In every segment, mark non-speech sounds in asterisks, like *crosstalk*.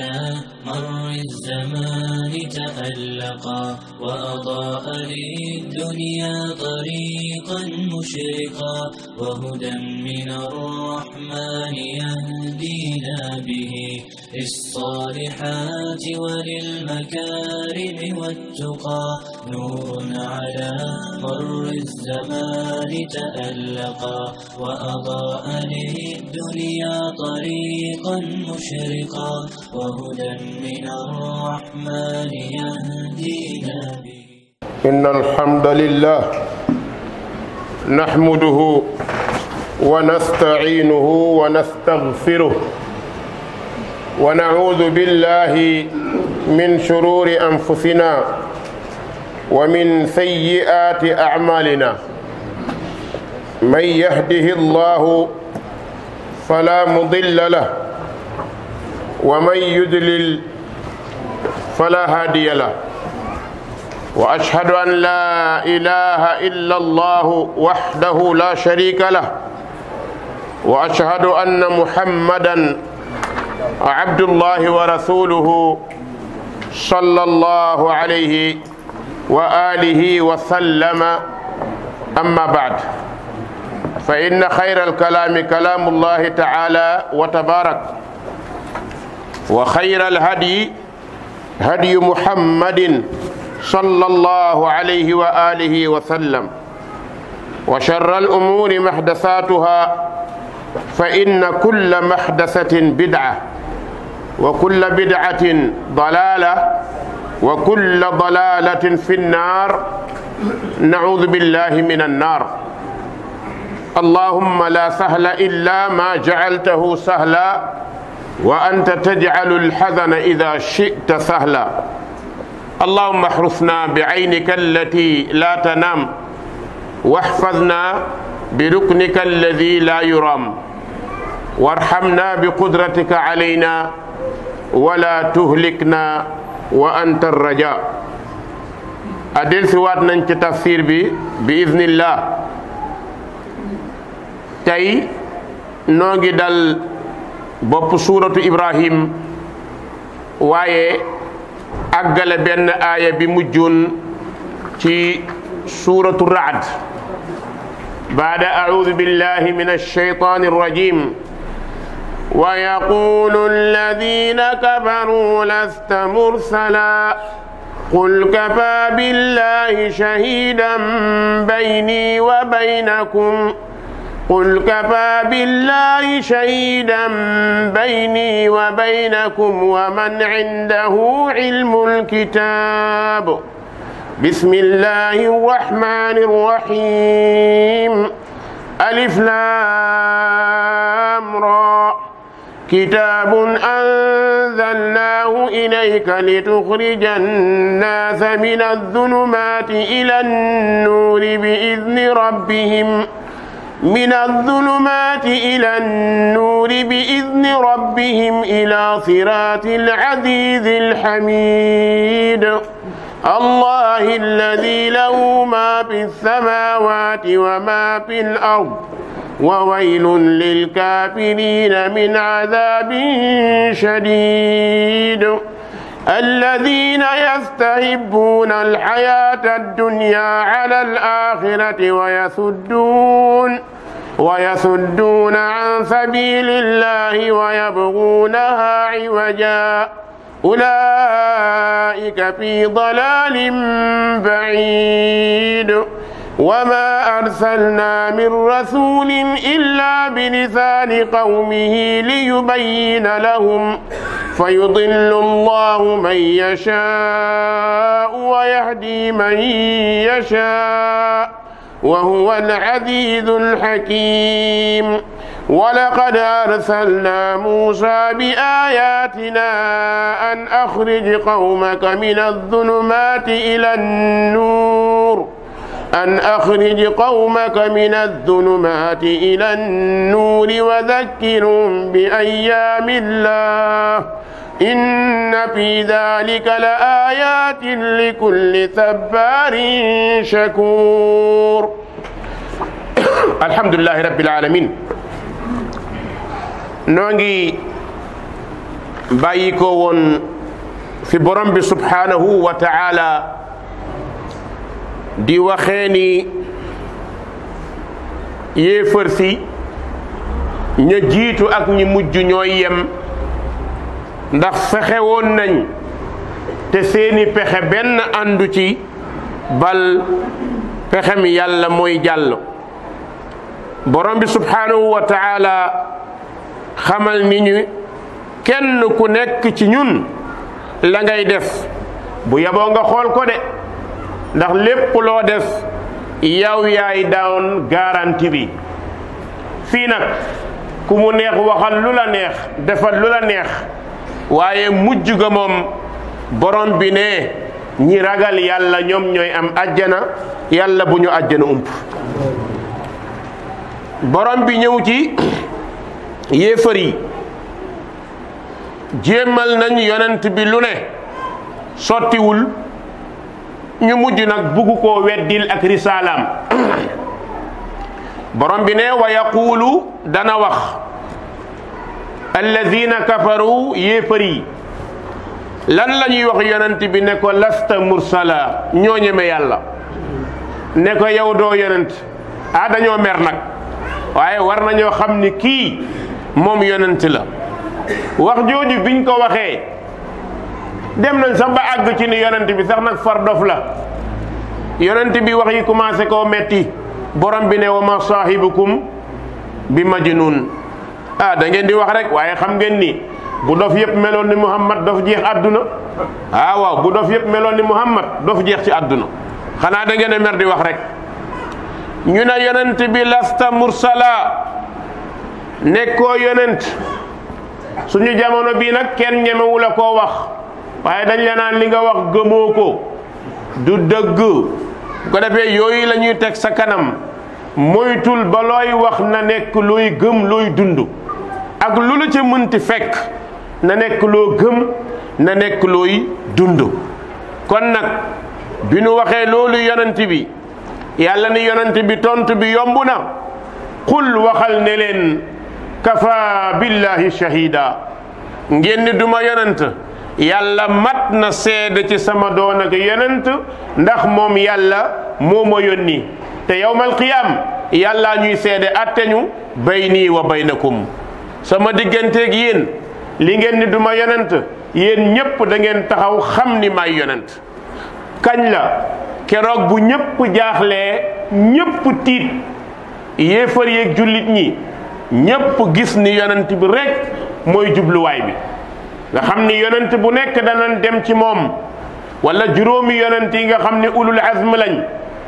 على مر الزمان تألقا وأضاء للدنيا طريقا مشرقا وهدى من الرحمن يهدينا به للصالحات وللمكارم والتقى نور على مر الزمان تألقا وأضاء للدنيا طريقا مشرقا وهدى من الرحمن يهدينا به إن الحمد لله نحمده ونستعينه ونستغفره ونعوذ بالله من شرور أنفسنا ومن سيئات أعمالنا من يهده الله فلا مضل له ومن يدلل فلا هادي له وأشهد أن لا إله إلا الله وحده لا شريك له وأشهد أن محمدا عبد الله ورسوله صلى الله عليه وآله وسلم أما بعد فإن خير الكلام كلام الله تعالى وتبارك وخير الهدي هدي محمد صلى الله عليه وآله وسلم وشر الأمور محدثاتها فإن كل محدثة بدعة wa kulla bid'atin dalaala wa kulla dalaalatin fi nnaar naudu billahi min annaar allahumma la sahla illa ma jacaltahu sahla wa anta tajcalu alxazana ida chita sahla allahumma axrusna bicaynika allati la tanaam waxfadna بركنك الذي لا يرام وارحمنا بقدرتك علينا wala tuhlikna wa anta raja a delsiwaat nañ ci tafsir bi bi iznillah tey noo ngi dal bopp suuratu ibrahim waaye àggale benn aaya bi mujjoon ci suuratu raad baada audu billahi min alshaytani arrajim ويقول الذين كفروا لست مرسلا قل كفى بالله شهيدا بيني وبينكم قل كفى بالله شهيدا بيني وبينكم ومن عنده علم الكتاب بسم الله الرحمن الرحيم ألف لام را كتاب أنزلناه إليك لتخرج الناس من الظلمات إلى النور بإذن ربهم من الظلمات إلى النور بإذن ربهم إلى صراط العزيز الحميد الله الذي له ما في السماوات وما في الأرض وويل للكافرين من عذاب شديد الذين يستحبون الحياة الدنيا على الآخرة ويسدون ويصدون عن سبيل الله ويبغونها عوجا أولئك في ضلال بعيد وما أرسلنا من رسول إلا بلسان قومه ليبين لهم فيضل الله من يشاء ويهدي من يشاء وهو العزيز الحكيم ولقد أرسلنا موسى بآياتنا أن أخرج قومك من الظلمات إلى النور أن أخرج قومك من الظلمات إلى النور وذكرهم بأيام الله إن في ذلك لآيات لكل ثبار شكور الحمد لله رب العالمين نونغي بايكو في برمب سبحانه وتعالى di waxee ni yéefar ña jiitu ak ñi mujj ñooy yem ndax fexe woon nañ te seeni pexe benn àndu ci bal pexe mi yàlla mooy jàll borom bi subhanahu wa taala xamal ni ñu kenn ku nekk ci ñun la ngay def bu yaboo xool ko de ndax lépp loo def yaw yaay daawoon garanti bi fii nag ku mu neex waxal lu la neex defal lu la neex waaye mujj ga moom borom bi ne ñi ragal yàlla ñoom ñooy am ajjana yàlla bu ñu ajjana ump borom bi ñëw ci *clears throat* yéefar yi jéemal nañ yonent bi lu ne sottiwul ñu mujj nag buggu koo weddil ak risaalaam borom bi ne wa yaquulu dana wax alladina kafaru yéefar yi lan la ñuy wax yonent bi ne ko lasta mursala ñoo ñeme yàlla ne ko yow doo yonent ah dañoo mer nag waaye war nañoo xam ni kii moom yonent la wax jooju biñ ko waxee dem nañ sax ba àgg ci ni yonent bi sax nag far dof la yonent bi wax yi commencé koo metti borom bi ne wa ma saahibukum bi majnun ah da di wax rek waaye xam ngeen ni bu dof yëpp meloon ni Muhammad dof jeex àdduna ah bu dof yëpp meloon ni Muhammad dof jeex ci àdduna xanaa da ngeen mer di wax rek ñu ne yonent bi lasta mursala nekkoo yonent suñu jamono bii nag kenn ñemewu la koo wax waaye dañ la naan li nga wax gëmoo ko du dëgg bu ko defee yooyu lañuy teg sa kanam moytul ba looy wax na nekk looy gëm looy dund ak lu la ci mënti fekk na nekk loo gëm na nekk looy dund kon nag bi nu waxee loolu yonent bi yàlla na yonent bi tont bi yomb na qul waxal ne leen kafa billahi shahida ngeen ni duma yonent yàlla mat na seede ci sama doon ak yonent ndax moom yàlla moo ma yónni te yowmal qiyaam yàlla ñuy seede atte bay nii wa na baynakum sama digganteeg yéen li ngeen ni duma yonent yéen ñépp dangeen taxaw xam ni maay yonent kañ la keroog bu ñépp jaaxle ñépp tiit yéefar yeeg jullit ñi ñépp gis ni yonent bi rekk mooy jubluwaay bi nga xam ni yonent bu nekk danañ dem ci moom wala juróomi yonent yi nga xam ni ulul azm lañ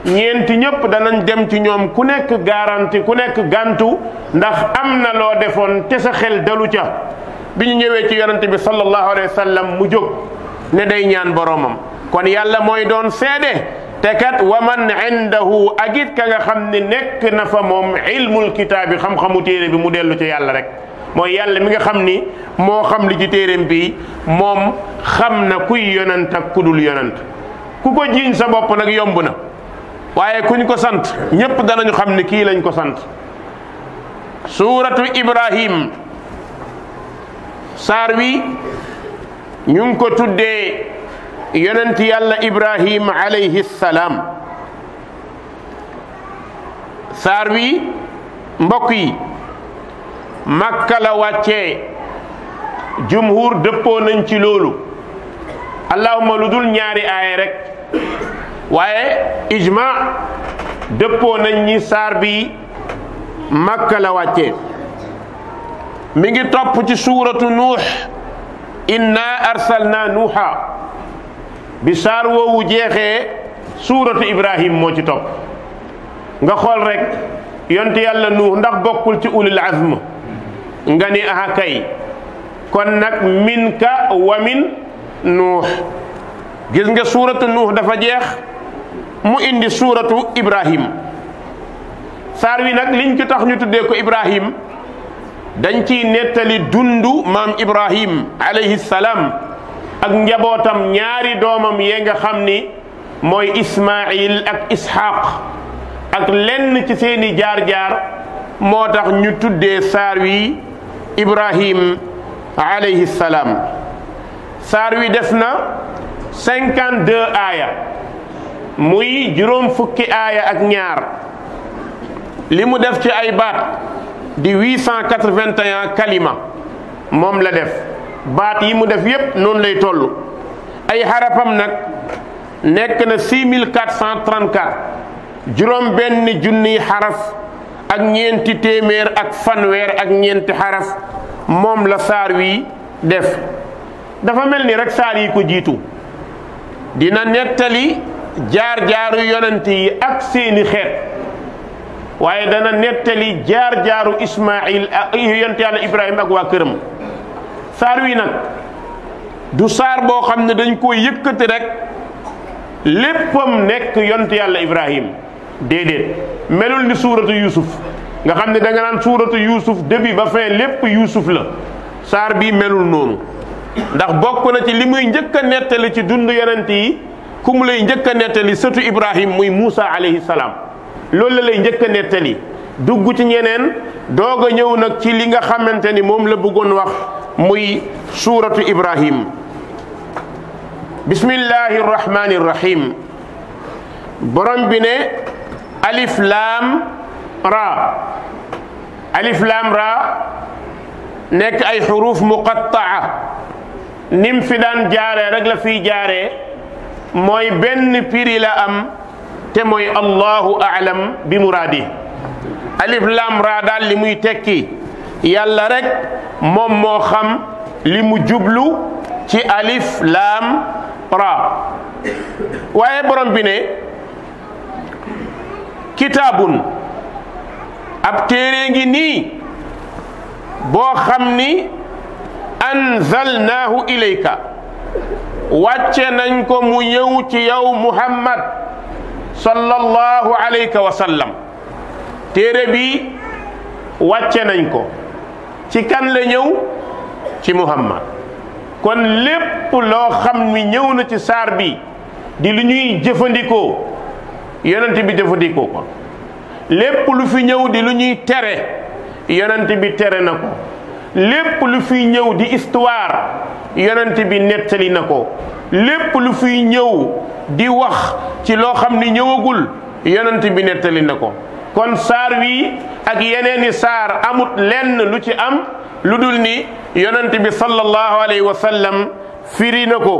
ñeenti ñëpp danañ dem ci ñoom ku nekk garanti ku nekk gàntu ndax am na loo defoon te sa xel dalu ca bi ñu ñëwee ci yonent bi sallallahu alayhi wa sallam mu jóg ne day ñaan boromam kon yàlla mooy doon seede te kat wa man indahu agit ka nga xam ne nekk na fa moom ilmul kitaabi xam-xamu téere bi mu dellu ci yàlla rek mooy yàlla mi nga xam ni moo xam li ci téereem bi moom xam na kuy yonant ak ku dul yonant ku ko jiiñ sa bopp nag yomb na waaye kuñ ko sant ñépp danañu xam ni kii lañ ko sant suuratu ibrahim saar wi ñu ngi ko tuddee yonent yàlla ibrahim alayhi salaam saar wi mbokk yi makka la wàccee jumhur dëppoo nañ ci loolu allahuma lu dul ñaari aaya rek waaye ijma dëppoo nañ ni saar bi makka la wàccee mi ngi topp ci suuratu nuux inna arsalnaa nuuha bi saar woowu jeexe suuratu ibrahim moo ci topp nga xool rek yonte yàlla nuux ndax bokkul ci ulil azm nga ni aha kay kon nag min ka wa min nuux gis nga suuratu nuux dafa jeex mu indi suuratu ibrahim saar wi nag liñ ci tax ñu tuddee ko ibrahim dañ ciy nettali dundu maam ibrahim alayhi salaam ak njabootam ñaari doomam yee nga xam ni mooy ismail ak ishaq ak lenn ci seeni jaar-jaar moo tax ñu tuddee saar wi ibrahim alayhi salaam saar wi des na cinquante deux aaya muy juróom fukki aaya ak ñaar li mu def ci ay baat di huit cent quatre vingt kalima moom la def baat yi mu def yépp noonu lay toll ay xarafam nag nekk na juróom benn junniy xaraf ak ñeenti téeméer ak fanweer ak ñeenti xaraf moom la saar wi def dafa mel ni rek saar yi ko jiitu dina nettali jaar-jaaru yonent yi ak seeni xeet waaye dana nettali jaar-jaaru Ismaayil ak yonent yàlla Ibrahima ak waa këram saar wi nag du saar boo xam ne dañ koy yëkkati rek léppam nekk yonent yàlla Ibrahim déedéet melul ni suuratu Yuusuf nga xam ne danga nga naan suuratu Yuusuf début ba fin lépp Yuusuf la saar bii melul noonu ndax bokk na ci li muy njëkk a nettali ci dund yonent yi ku mu lay njëkk a nettali sëtu Ibrahim muy Muusa alayhi salaam loolu la lay njëkk a nettali dugg ci ñeneen doog a ñëw nag ci li nga xamante ni moom la bëggoon wax muy suuratu Ibrahim bismillahi rahmani borom bi ne alif laam ra alif laam ra nekk ay xuruuf muqattaa nim fi daan jaare rek la fiy jaaree mooy benn piri la am te mooy allahu aalam alif laam ra daal li muy tekki yàlla rek moom moo xam li mu jublu ci alif laam ra waaye borom bi ne kitaabun ab téere ngi nii boo xam ni anzalnaahu ilayka wàcce nañ ko mu ñëw ci yow muhammad sallallahu alayka wa sallam téere bi wàcce nañ ko ci kan la ñëw ci muhammad kon lépp loo xam ni ñëw na ci saar bi di lu ñuy jëfandikoo yonent bi jëfandikoo ko lépp lu fi ñëw di lu ñuy tere yonent bi tere na ko lépp lu fiy ñëw di istuwaar yonent bi nettali na ko lépp lu fiy ñëw di wax ci loo xam ni ñëwagul yonent bi nettali na ko kon saar wii ak yeneeni saar amut lenn lu ci am lu dul ni yonent bi sallallahu alayhi wa sallam firi na ko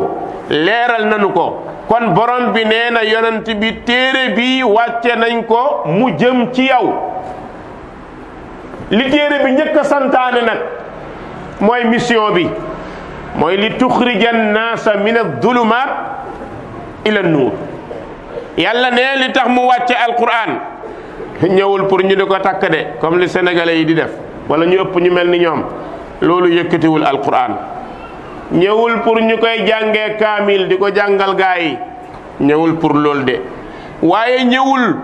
leeral nanu ko kon borom bi nee na yonent bi téere bi wàcce nañ ko mu jëm ci yow li téere bi njëkk santaane nag mooy mission bi mooy li tuxrija annaasa min adulumat ila nuur yàlla ne li tax mu wàcce alquran ñëwul pour ñu di ko takk de comme li sénégalais yi di def wala ñu ëpp ñu mel ni ñoom loolu yëkkatiwul alquran ñëwul pour ñu koy jànge kaamil di ko jàngal gaa yi ñëwul pour loolu de waaye ñëwul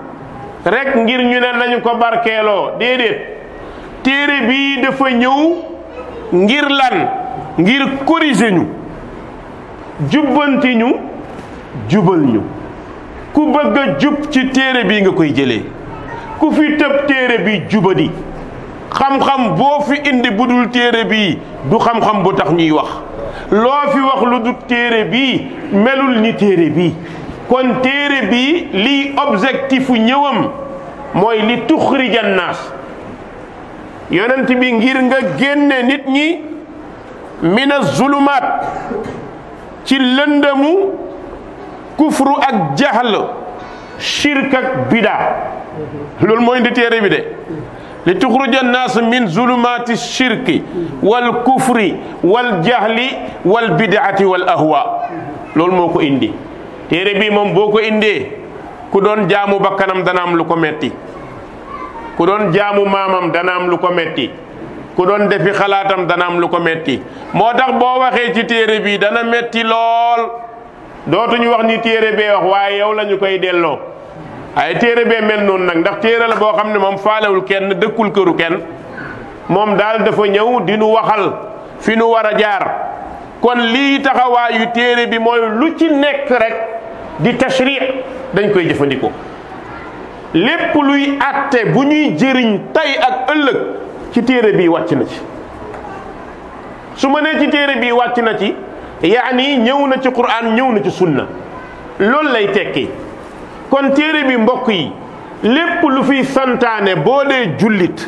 rekk ngir ñu ne nañu ko barkeeloo déedéet téere bii dafa ñëw ngir lan ngir corriger ñu jubbanti ñu jubal ñu ku bëgg a jub ci téere bii nga koy jëlee ku fi tëb téere bi jubadi xam-xam boo fi indi budul téere bii du xam-xam bu tax ñuy wax loo fi wax lu du téere bi melul ni téere bii kon téere bi liy objectifu ñëwam mooy li tuxrija naas yonent bi ngir nga génne nit ñi mina zulumaat ci lëndëmu kufru ak jaxal shirk ak bida loolu mooy indi téere bi de li tuxruja nnaas min zulumaati shirki wal kufri wal jahli wal bidaati wal ahwa loolu moo ko indi téere bii moom boo ko indee ku doon jaamu bakkanam dana am lu ko metti ku doon jaamu maamam dana am lu ko metti ku doon defi xalaatam dana am lu ko metti moo tax boo waxee ci téere bii dana metti lool dootuñu wax ni téere bee wax waaye yow lañu koy delloo ay téere bee mel noonu nag ndax téere la boo xam ne moom faalewul kenn dëkkul këru kenn moom daal dafa ñëw dinu waxal fi nu war a jaar kon lii taxawaayu téere bi mooy lu ci nekk rek di tashri dañ koy jëfandikoo lépp luy àtte bu ñuy jëriñ tey ak ëllëg ci téere bi wàcc na ci su ma nee ci téere bi wàcc na ci yaani ñëw na ci quraan ñëw na ci sunna loolu lay tekki kon téere bi mbokk yi lépp lu fiy santaane boo dee jullit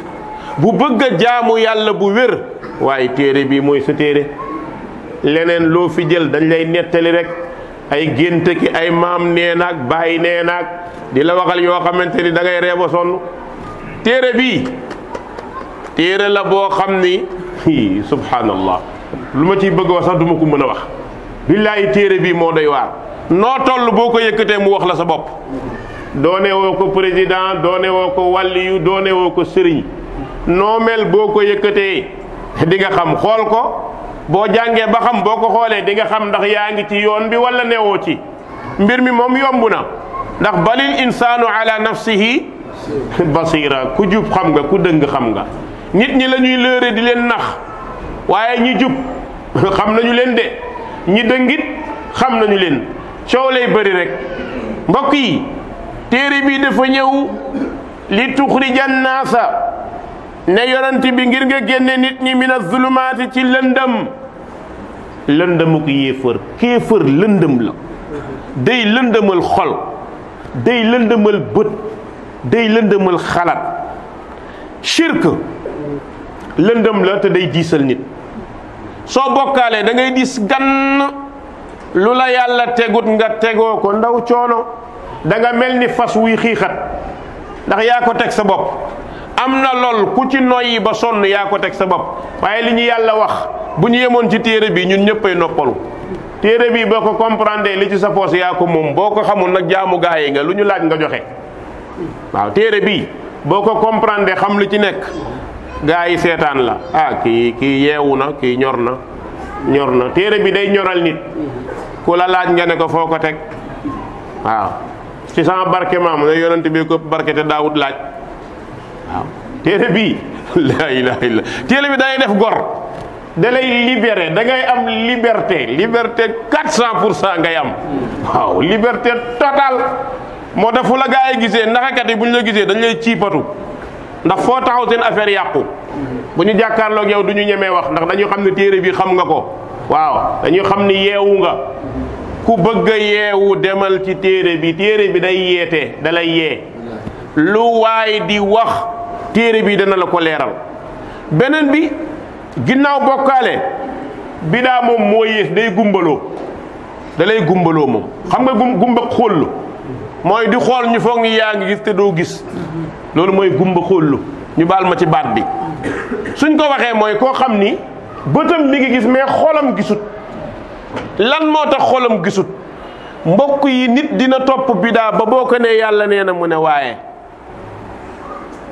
bu bëgg a jaamu yàlla bu wér waaye téere bii mooy sa téere leneen loo fi jël dañ lay nettali rekk ay gént ki ay maam nee naag bàyyi nee naag di la waxal yoo xamante ni dangay ngay reeba sonn téere bii téere la boo xam ni subhanallah lu ma ciy bëgg wax sax duma ko mën a wax billaahi téere bii moo doy waar noo toll boo ko yëkkatee mu wax la sa bopp doone woo ko président doone woo ko wàlliyu doone woo ko sëriñ noo mel boo ko yëkkatee di nga xam xool ko boo jàngee ba xam boo ko xoolee di nga xam ndax yaa ngi ci yoon bi wala newoo ci mbir mi moom yomb na ndax balil insaanu ala nafsihi basira ku jub xam nga ku dëng xam nga nit ñi la ñuy lëre di leen nax waaye ñi jub xam nañu leen de ñi dëngit xam nañu leen coow lay bëri rek mbokk yi téere bi dafa ñëw li tuxrijan naasa ne yonent bi ngir nga génne nit ñi min azulumaati ci lëndam lëndëmuk yéefër kéefër lëndëm la day lëndëmal xol day lëndëmal bët day lëndëmal xalaat shirk lëndëm la te day diisal nit soo bokkaalee da diis gann lu la yàlla tegut nga tegoo ko ndaw coono da nga mel ni fas wuy xiixat ndax yaa ko teg sa bopp am na lool ku ci noyyi ba sonn yaa ko teg sa bopp waaye li ñu yàlla wax bu ñu yemoon ci téere bi ñun ñëppay noppalu téere bi boo ko comprendre li ci sa poos yaa ko moom boo ko xamul nag jaamu yi nga lu ñu laaj nga joxe waaw téere bi boo ko comprendre xam lu ci nekk gaa yi seetaan la ah kii kii yeewu na kii ñor na ñor na téere bi day ñoral nit ku la laaj nga ne ko foo ko teg waaw ci sama barke maam ne yonent bi ko barke te daawut laaj waaw téere bii *laughs* téere bi day def gor da lay dangay am liberté liberté 400 pour cent ngay am waaw liberté totale moo tax fu la gaa yi gisee naxakat bu ñu la gisee dañu lay ciipatu ndax foo taxaw seen affaire yàqu bu ñu jàkkaarloog yow du ñu ñemee wax ndax dañu xam ne téere bi xam nga ko waaw dañu xam ni yeewu nga ku bëgg a yeewu demal ci téere bi téere bi day yeete dalay yee lu waay di wax téere bi dana la ko leeral beneen bi ginnaaw bokkaale bidaa moom moo yées day gumbaloo dalay lay gumbaloo moom xam nga gumba xóll mooy di xool ñu foog ni yaa ngi gis te doo gis loolu mooy gumba xóll ñu baal ma ci baat bi suñ ko waxee mooy koo xam ni bëtam mi ngi gis mais xolam gisut lan moo tax xolam gisut mbokk yi nit dina topp bidaa ba boo ko nee yàlla nee na mu ne waaye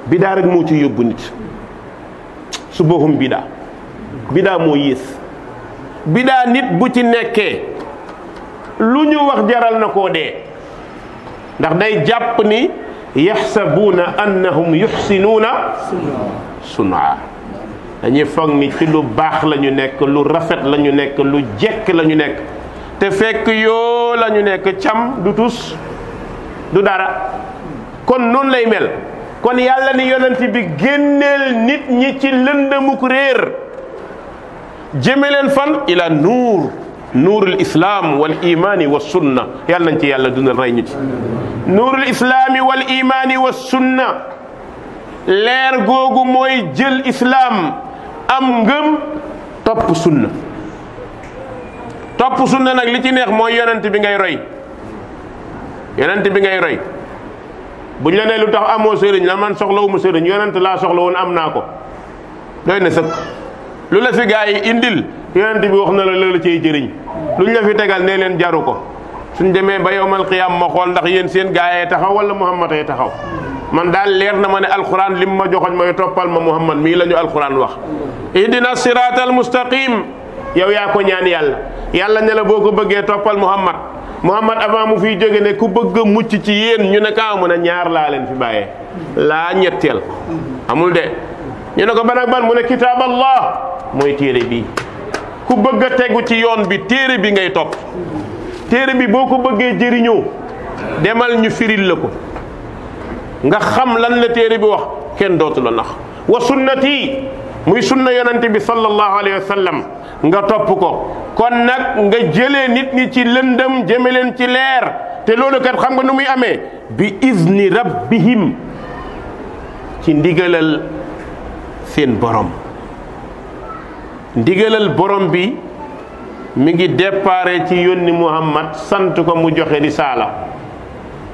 bidaa rek moo ci yóbbu nit su boxum bidaa bidaa moo yées bidaa nit bu ci nekkee lu ñu wax jaral na koo dee ndax day jàpp ni yaxsabuuna annahum yuxsinuuna sunaa dañuy foog ni ci lu baax la ñu nekk lu rafet lañu nekk lu jekk lañu nekk te fekk yoo lañu nekk cam du tus du dara kon noonu lay mel kon yàlla ni yonent bi génneel nit ñi ci lëndëmuk réer jëme leen fan ila nuur nuurul islaam wa imaani wa sunna yàlla nañ ci yàlla dundal rey ñu ci nuurul islaami wal imaani wa sunna leer googu mooy jël islaam am ngëm topp sunna topp sunna nag li ci neex mooy yonent bi ngay roy yonent bi ngay roy buñ la nee lu tax amoo sëriñ la man soxlawu ma sëriñ yonent laa soxla woon am naa ko doy na sëkk lu la fi gaa yi indil yonent bi wax na la la cay jëriñ lu ñu la fi tegal ne leen jaru ko suñ demee ba yowmal qiyaam ma xool ndax yéen seen gaa yee taxaw wala muhammad ay taxaw man daal leer na ma ne alquran lim ma joxoñ mooy toppal ma muhammad mii la ñu alquran wax ihdina siraatal mustaqim yow yaa ko ñaan yàlla yàlla ne la boo ko bëggee toppal muhammad muhammad avant mu fiy jóge ne ku bëgg mucc ci yéen ñu ne kaa mu ne ñaar laa leen fi bàyyee laa ñetteel ñu ne ko ban ak ban mu ne kitaab allah mooy téere bi ku bëgg a tegu ci yoon bi téere bi ngay topp téere bi boo ko bëggee jëriñoo demal ñu firil la ko nga xam lan la téere bi wax kenn dootu la nax wa sunnati muy sunna yonante bi sallallahu alayhi wa nga topp ko kon nag nga jële nit ñi ci lëndëm jëme leen ci leer te loolu kat xam nga nu muy amee bi izni rabbihim ci ndigalal seen boroom ndigalal boroom bi mu ngi déparé ci yónni Muhammad sant ko mu joxe risaala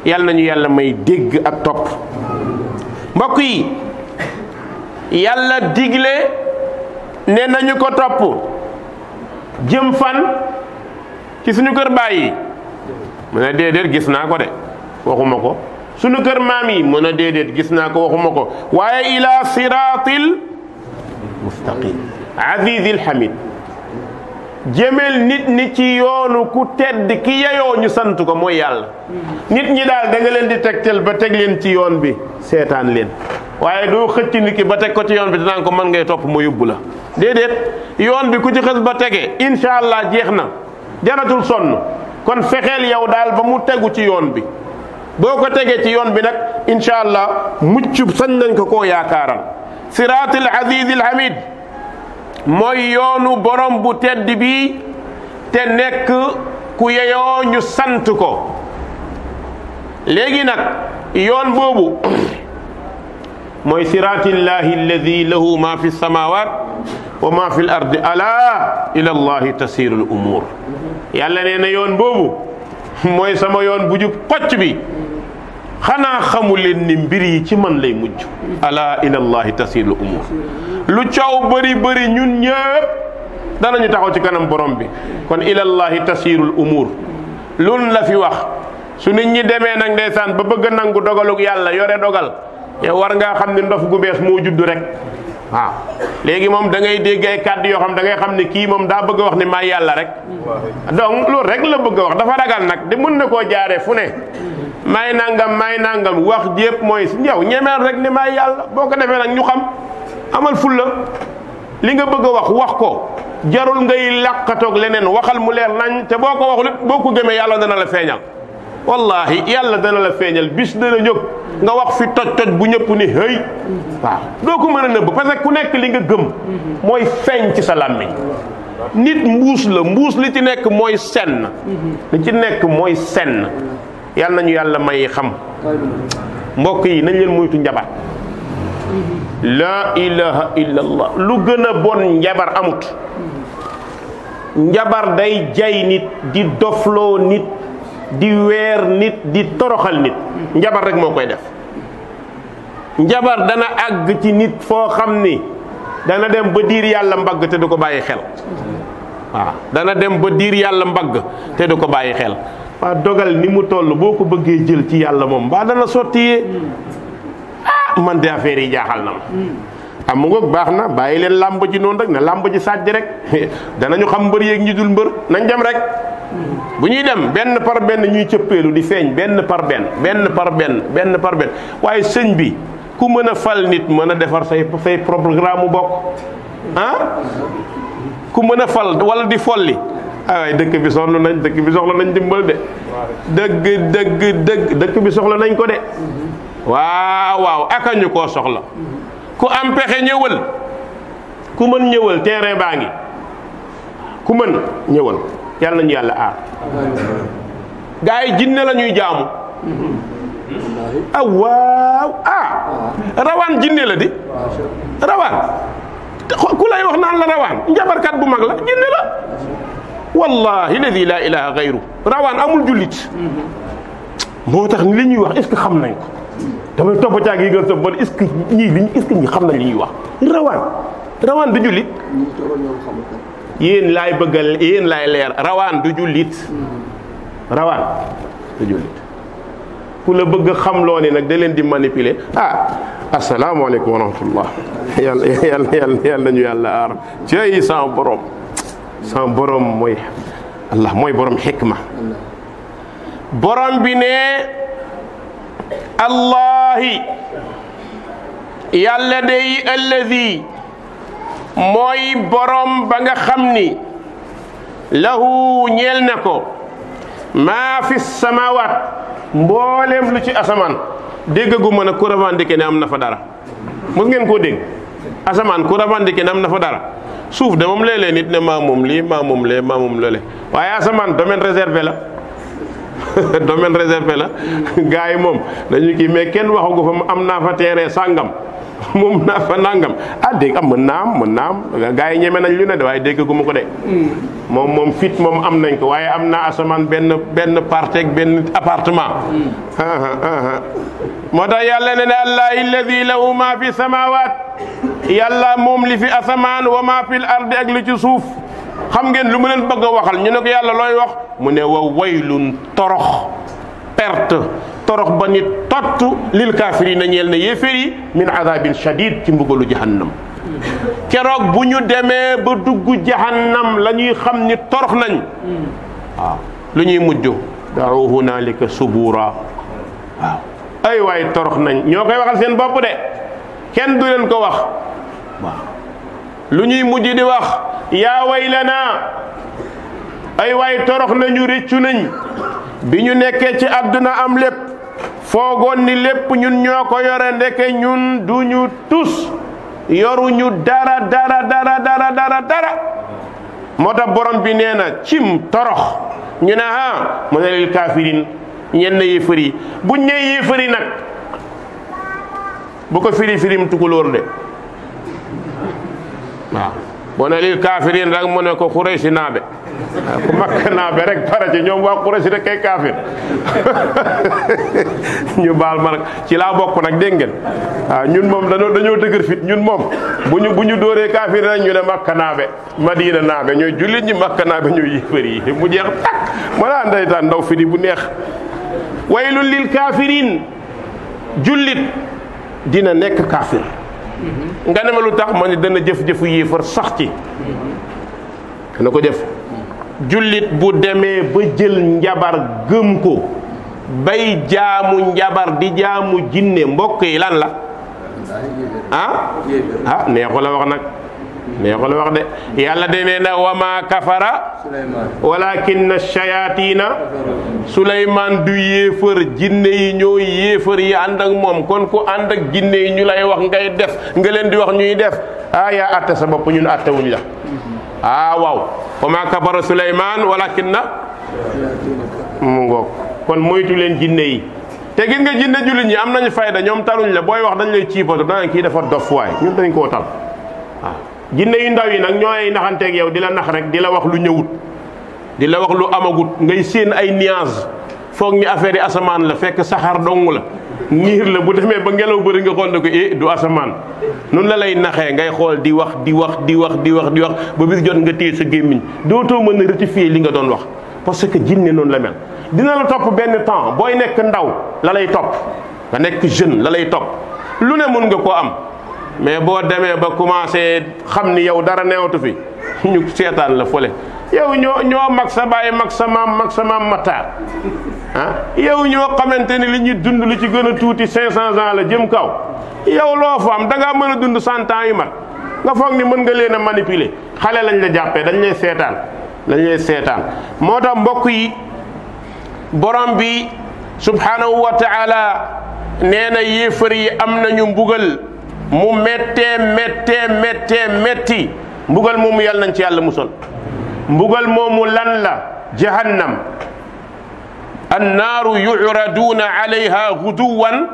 yàlla nañu yàlla may dégg ak topp mbokk yi yàlla digle ne nañu ko topp jëm fan ci suñu kër bàyyi mu ne déedéet gis naa ko de waxuma ko sunu kër maam yi mën a déedéet gis naa ko waxuma ko waaye ila siraatil mustaqim azizil hamid jëmel nit ñi ci yoonu ku tedd ki yeyoo ñu sant ko mooy yàlla nit ñi daal danga leen di tegtal ba teg leen ci yoon bi seetaan leen waaye doo xëcc nit ba teg ko ci yoon bi dinaan ko mën ngay topp mu yóbbu la déedéet yoon bi ku ci xës ba tegee incha allah jeex na jaratul sonn kon fexeel yow daal ba mu tegu ci yoon bi boo ko tegee ci yoon bi nag incha allah mucc sañ nañ ko koo yaakaaral siraatil azizil hamid mooy yoonu borom bu tedd bi te nekk ku yeyoo ñu sant ko léegi nag yoon boobu *coughs* mooy siraatillahi alladi lahu ma fi samawat wa ma fi l ardi ala ila yoon boobu *laughs* mooy sama yoon bu jub xocc bi xanaa xamu leen ni mbir yi ci man lay mujj ala ila allahi tasilu lu coow bëri bëri ñun ñëpp danañu taxaw ci kanam borom bi kon ila allahi tasirul umur lun la fi wax su nit ñi demee nag ndeysaan ba bëgg nangu dogaluk yàlla yore dogal yow war ngaa xam ne ndof gu bees moo judd rek waaw léegi moom dangay ngay dégg ay kàddu yoo xam da ngay xam ne kii moom daa bëgg a wax ni maa yàlla rek donc loolu rek la bëgg a wax dafa ragal nag di mën na koo jaaree fu ne may nangam may nangam wax yépp mooy si yow ñemeel rek ne may yàlla boo ko defee nag ñu xam amal fulla li nga bëgg a wax wax ko jarul ngay làqatoog leneen waxal mu leer nañ te boo ko waxul boo ko gëmee yàlla dana la feeñal wallahi yàlla dana la feeñal bis dana jóg nga wax fi toj toj bu ñépp ni hëy waaw doo ko mën a nëbb parce que ku nekk li nga gëm mooy feeñ ci sa làmmiñ nit mbuus la mbuus li ci nekk mooy senn li ci nekk mooy senn yàlla nañu yàlla may xam mbokk yi nañ leen moytu njabar laa ilaha illallah lu gën a bon njabar amut njabar day jay nit di dofloo nit di weer nit di toroxal nit njabar rek moo koy def njabar dana àgg ci nit foo xam ni dana dem ba diir yàlla mbagg te du ko bàyyi xel waaw dana dem ba diir yàlla mbagg te du ko bàyyi xel waa dogal ni mu toll boo ko bëggee jël ci yàlla moom mbaa dana sottiyee hmm. ah man de affaire yi jaaxal na ma hmm. am mu ngoog baax na bàyyi leen làmb ji noonu rek na làmb ji sàjj rek *laughs* danañu xam mbër yeeg ñi dul mbër nañ dem rek hmm. bu ñuy dem benn par benn ñuy cëppeelu di feeñ benn par benn benn par benn benn waaye sëñ bi ku mën a fal nit mën a defar say say programme mu bokk ah ku mën a fal wala di folli ah dëkk bi sonn dëkk bi soxla nañ dimbal dëkk bi soxla nañ ko de waaw waaw aka ñu koo soxla ku am pexe ñëwal ku mën ñëwal terrain baa ngi ku mën ñëwal yàlla nañu yàlla aar gaa yi jinne la ñuy jaamu ah waaw ah rawaan jinne la di rawaan ku lay wax naan la rawaan njabarkat bu mag la jinne la wallahi ladi laa ilaha gayru rawaan amul jullit moo tax ni li ñuy wax est xam nañ ko damay topp caag yi gën sa bon ñi xam nañ li ñuy wax rawaan rawaan du jullit yéen laay leer rawaan du jullit ku la bëgg xam loo ne nag da leen di manipuler ah asalaamaaleykum wa rahmatullah yàlla yàlla yàlla yàlla nañu yàlla aar ci ay sama borom mooy allah mooy borom xikma borom bi ne allahi yàlla day alladi mooy borom ba nga xam ni lahu ñeel na ko maa fi samawat mbooleem lu ci asamaan déggagu ma ne ku revendiqué ne am na fa dara mos ngeen koo dégg asamaan ku revendiqué ne am na fa dara suuf de moom léeg-léeg nit ne maa moom lii maa moom lee maa moom lële waaye asamaan domaine réservé la *laughs* domaine réservé la *laughs* gars yi moom dañu kii mais kenn waxu ko fa am naa fa terrain sàngam *laughs* moom naa fa nangam ah dégg am mën naa am mën naa gars yi ñeme nañ lu ne de waaye dégg gu ma ko de. Hmm. moom moom fit moom am nañ ko waaye am naa asamaan benn benn parteeg benn appartement. Hmm. Ah, ah, ah, moo tax yàlla ne ne allahi alladi lahu ma fi samawat yàlla moom li fi asamaan wa ma fil ardi ak li ci suuf xam ngeen lu mu leen bëgg a waxal ñu ne ko yàlla looy wax mu ne wa waylun torox. perte torox ba nit tott lil kaafirina ñeel na yéeféer yi min adabin shadid ci mbugalu jahannam keroog bu ñu demee ba dugg jahannam la ñuy xam ni torox nañ waaw ñuy mujj daaw hunaalika subura ay waay torox nañ ñoo koy waxal seen bopp de kenn du leen ko wax waaw lu ñuy mujj di wax yaa waylana ay waay torox nañu réccu nañ bi ñu nekkee ci àdduna am lépp foogoon ni lépp ñun ñoo ko yore ndeke ñun du ñu tus yoruñu dara dara dara dara moo tax borom bi nee na cim torox ñu ne ah mu ne lil kaafirin ñenn yéefar yi buñ ne yéefar nag bu ko firi firim tukulóor de waaw boo ne lil kaafirin rek mu ne ko xuraysi naabe ku makk naa be rek pare ci ñoom waa Quraysh rek kay kaafir ñu baal ma ci laa bokk nag dégg ngeen ah, ñun moom dañoo dañoo dëgër fit ñun moom bu ñu bu ñu dóoree kaafir rek ñu ne makk naa be Madina naa be ñooy jullit ñi makk naa be yéefar yi mu jeex tak ma laa ndeytaan ndaw fi di bu neex waylul lil kaafiriin jullit dina nekk kaafir mhm. nga ne ma lu tax ma ne dana jëf-jëfu yéefar sax ci mhm. dana ko jëf jullit bu demee ba jël njabar gëm ko bay jaamu njabar di jaamu jinne mbokk yi lan la ah ah neexu la wax nag neexu la wax de yàlla de nee na wama kafara walakinna shayatina suleyman du yéefar jinne yi ñoo yéefar yi ànd ak moom kon ku ànd ak jinne yi ñu lay wax ngay def nga leen di wax ñuy def ah yaa atte sa bopp ñun attewuñ la ah waaw wa maa kafara suleymaan walakin na mu ngoog kon moytu leen jinne yi te gis nga jinne jullit ñi am nañu fayda ñoom taluñ la booy wax dañ lay ciipatu danañ kii dafa dof waay ñun dañ koo tal waaw ah. jinne yu ndaw yi nag ñooy naxanteek yow di la nax rek di la wax lu ñëwut di la wax lu amagut ngay séen ay nuances foog ñu affaire yi asamaan la fekk saxaar dong la niir la bu demee ba ngelaw bëri nga xool ko eh du asamaan noonu la lay naxee ngay xool di wax di wax di wax di wax di wax ba bis jot nga téye sa gémmiñ dootoo mën a fii li nga doon wax parce que jinne noonu la mel dina la topp benn temps booy nekk ndaw la lay topp nga nekk jeune la lay topp lu ne mën nga koo am mais boo demee ba commencé xam ni yow dara neewatu fi *laughs* ñu seetaan la fole yow ñoo ñoo mag sa baay mag sa maam mag sa maam Matar ah yow ñoo xamante ni li ñuy dund li ci gën a tuuti cinq cent an la jëm kaw yow loo fa am da ngaa mën a dund cent yi mag mat nga foog ni mën nga leen a manipuler xale lañ la jàppee dañ lay seetaan dañ lay seetaan moo tax mbokk yi borom bi subhanahu wa taala nee na yéefar yi am nañu mbugal mu méttee méttee méttee metti mbugal moomu yàlla nañ ci yàlla musal mbugal moomu lan la jahannam annaaru yuraduna alayha guduwan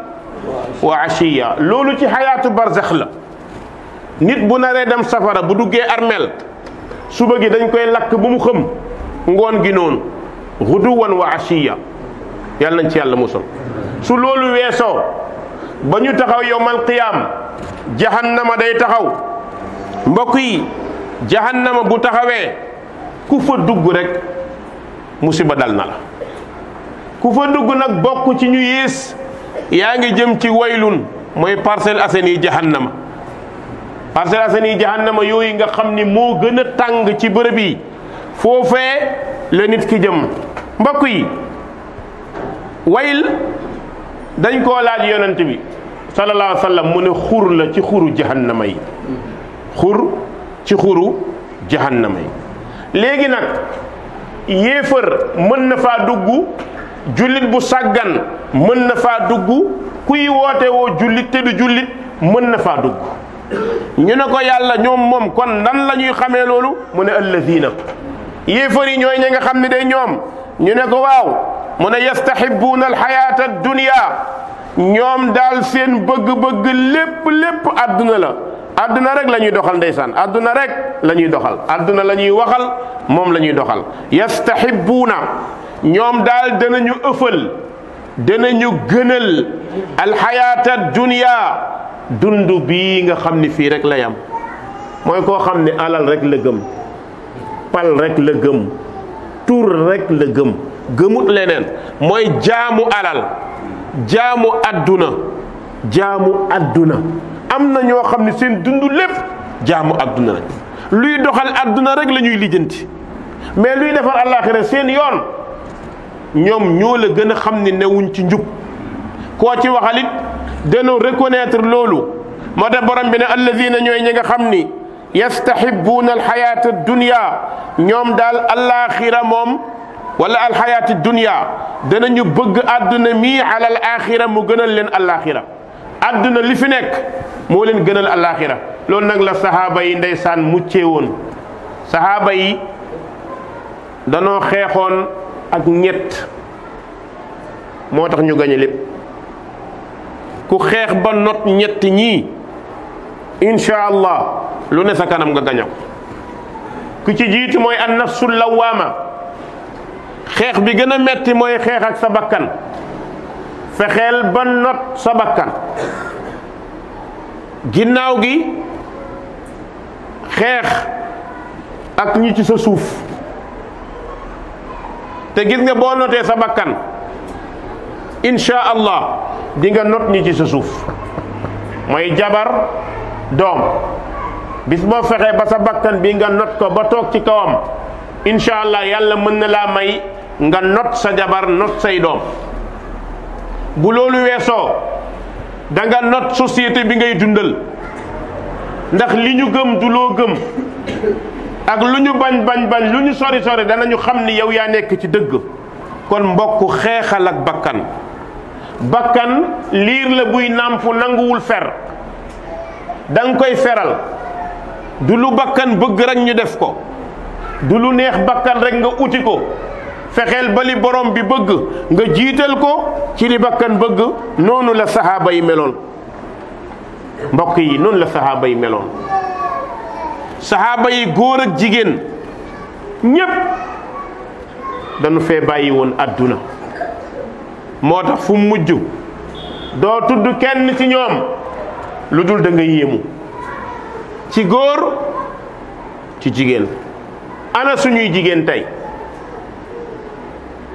wa ashiya loolu ci xayaatu barzax la nit bu naree dem safara bu duggee armeel suba gi dañ koy lakk bu mu xëm ngoon gi noonu guduwan wa ashiya yàlla nañ ci yàlla musal su loolu weesoo ba ñu taxaw yowmal qiyaam jahannama day taxaw mbokk yi jahannama bu taxawee ku fa dugg rekk musiba dal na la ku fa dugg nag bokk ci ñu yées yaa ngi jëm ci waylun mooy Parcelles Assainies jahannama Parcelles yooyu nga xam ni moo gën a tàng ci bërëb yi foofee la nit ki jëm mbokk yi wayl dañ koo laaj yonent bi sallallahu alayhi mu ne xur la ci xuru jahannama yi xur ci xuru jahannama yi léegi nag yéefar mën na faa dugg jullit bu sàggan mën na faa dugg kuy woote woo jullit te du jullit mën na faa dugg ñu ne ko yàlla ñoom moom kon nan lañuy ñuy xamee loolu mu ne alladina yéefar yi ñooy ña nga xam ni day ñoom ñu ne ko waaw mu ne yastahibuuna alxayaata ad dunia ñoom daal seen bëgg-bëgg lépp lépp àdduna la adduna rek la ñuy doxal ndeysaan adduna rek la doxal adduna la ñuy waxal moom la ñuy doxal yastahibuuna ñoom daal danañu ëfal danañu gënal alxayaata dunia dund bii nga xam ni fii rek la yam mooy koo xam ni alal rek la gëm pal rek la gëm tur rek la gëm gëmut leneen mooy jaamu alal jaamu adduna jaamu adduna am na ñoo xam ne seen dund lépp jaamu adduna rek luy doxal adduna rek lañuy ñuy lijjanti mais luy defar àllaaxira seen yoon ñoom ñoo la gën a xam ni newuñ ci njub koo ci waxalit danu reconnaître loolu moo tax borom bi ne alladina ñooy ñi nga xam ni yastahibuuna alxayaata dunia ñoom daal alaaxira moom wala alxayaati dunia ñu bëgg àdduna mii ala al axira mu gënal leen alaaxira àdduna li fi nekk moo leen gënal alaaxira loolu nag la saxaaba yi ndeysaan muccee woon saxaaba yi danoo xeexoon ak ñett moo tax ñu gañe lépp ku xeex ba not ñett ñii incha allah lu ne sa kanam nga gañe ko ku ci jiitu mooy an nafsul lawaama xeex bi gën a metti mooy xeex ak sa bakkan fexeel ba not sa bakkan ginnaaw gi xeex ak ñi ci sa suuf te gis nga boo notee sa bakkan insha allah di nga not ñi ci sa suuf mooy jabar doom bis boo fexee ba sa bakkan bi nga not ko ba toog ci kawam insha allah yàlla mën na laa may nga not sa jabar not say doom bu loolu weesoo da not société bi ngay dundal ndax li ñu gëm du loo gëm ak lu ñu bañ bañ bañ lu ñu sori sori danañu xam ni yow yaa nekk ci dëgg kon mbokk xeexal ak bakkan bakkan liir la buy nàmpu nanguwul fer danga koy feral du lu bakkan bëgg rek ñu def ko du lu neex bakkan rekk nga uti ko fexeel ba li borom bi bëgg nga jiital ko ci li bakkan bëgg noonu la saxaaba yi meloon mbokk yi noonu la saxaaba yi meloon saxaaba yi góor ak jigéen ñépp danu fee bàyyi woon àdduna moo tax fu mujj doo tudd kenn ci ñoom lu dul danga nga yéemu ci góor ci jigéen ana suñuy jigéen tey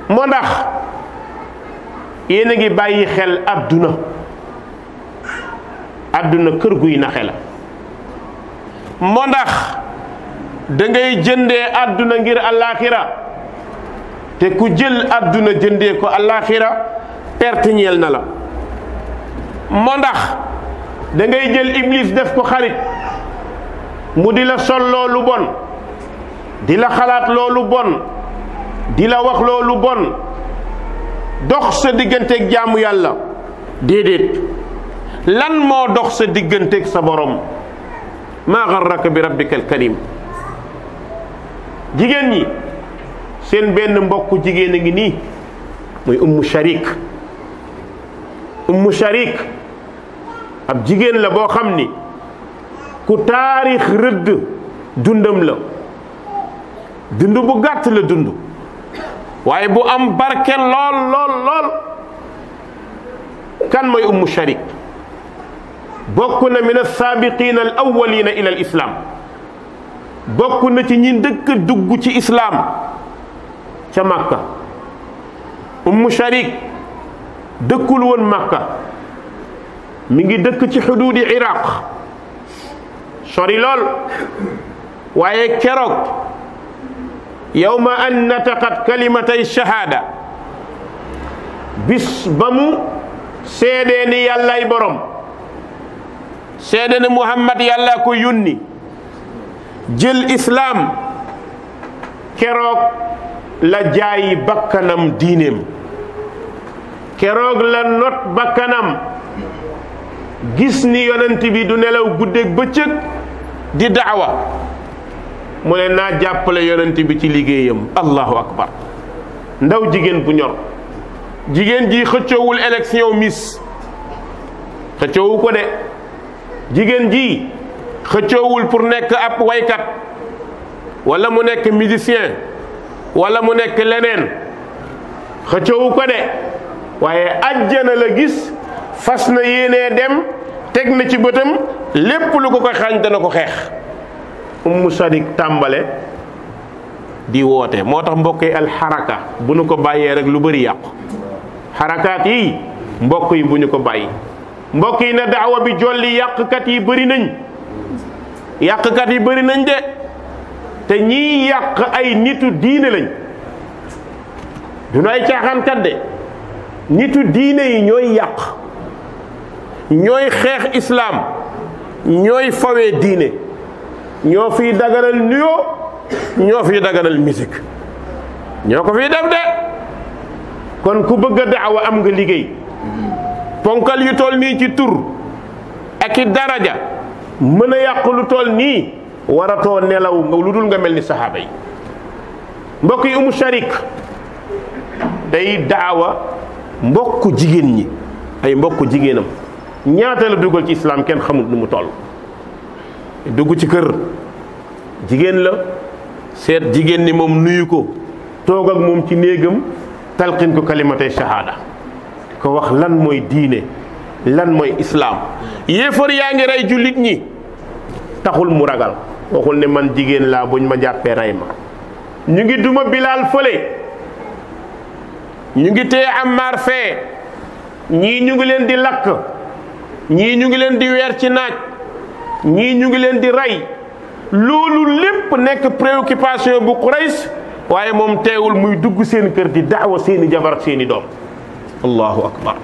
moo ndax yéen a ngi bàyyi xel àdduna àdduna kër guy naxe la moo ndax da ngay jëndee ngir àllaaxira te ku jël àdduna jëndee ko àllaaxira perte ñeel na la moo ndax da ngay jël iblis def ko xarit mu di la sol loolu bon di la xalaat loolu bon di la wax loolu bon dox sa digganteek jaamu yàlla déedéet lan moo dox sa digganteek sa boroom maa garraka bi rabbikal karim jigéen ñi seen benn mbokku jigéen a ngi nii mooy ummu sharik ummu sharik ab jigéen la boo xam ni ku taarix rëdd dundam la dund bu gàtt la dund waaye bu am barke lool lool lool kan mooy ummu sharik bokk na min alsaabiqina al awalina ila al islam bokk na ci ñi ndëkk dugg ci islaam ca makka ummu sharik dëkkul woon màkka mi ngi dëkk ci xuduudi iraq sori lool waaye keroog yawma an nataqat kalimatay shahaada bis ba mu seedee ni yàllay borom seede ni muhammad yàlla ko yónni jël islaam keroog la jaayi bakkanam diineem keroog la not bakkanam gis ni yonent bi du nelaw guddeeg bëccëg di daawa mu ne naa jàppale yonent bi ci liggéeyam allahu akbar ndaw jigéen bu ñor jigéen ji xëccoowul élection miss xëccoowu ko de jigéen ji xëccoowul pour nekk ab waykat walla mu nekk musicien wala mu nekk leneen xëccoowu ko de waaye ajjana la gis fas na yéenee dem teg na ci bëtam lépp lu ko ko xañ ko xeex ummu sadik tàmbale di woote moo tax mbokk yi alxaraka bu ñu ko bàyyee rek lu bari yàqu xarakaat yi mbokk yi bu ñu ko bàyyi mbokk yi na daawa bi jolli yàqkat yi bari nañ yàqkat yi bari nañ de te ñiy yàq ay nitu diine lañ duñu ay caaxaankat de nitu diine yi ñooy yàq ñooy xeex islaam ñooy fawee diine ñoo fiy daganal nuyoo ñoo fiy daganal musique ñoo ko fiy def de kon ku bëgg a daawa am nga liggéey ponkal yu toll nii ci tur ak i daraja mën a yàq lu toll nii waratoo nelaw nga lu dul nga mel ni saxaaba yi mbokk yi umu sharik day daawa mbokku jigéen ñi ay mbokku jigéenam ñaata la dugal ci islam kenn xamul nu mu toll dugg ci kër jigéen la seet jigéen ni moom nuyu ko toog ak moom ci néegam talqin ko kalimatay shahada ko wax lan mooy diine lan mooy islaam yéefar yaa ngi rey jullit ñi taxul mu ragal waxul ne man jigéen laa buñ ma jàppee rey ma ñu ngi duma bilaal fële ñu ngi am Ammar fee ñii ñu ngi leen di lakk ñii ñu ngi leen di weer ci naaj ñii ñu ngi leen di rey loolu lépp nekk préoccupation bu Quraysh waaye moom teewul muy dugg seen kër di daawa seeni jabar seeni doom allahu akbar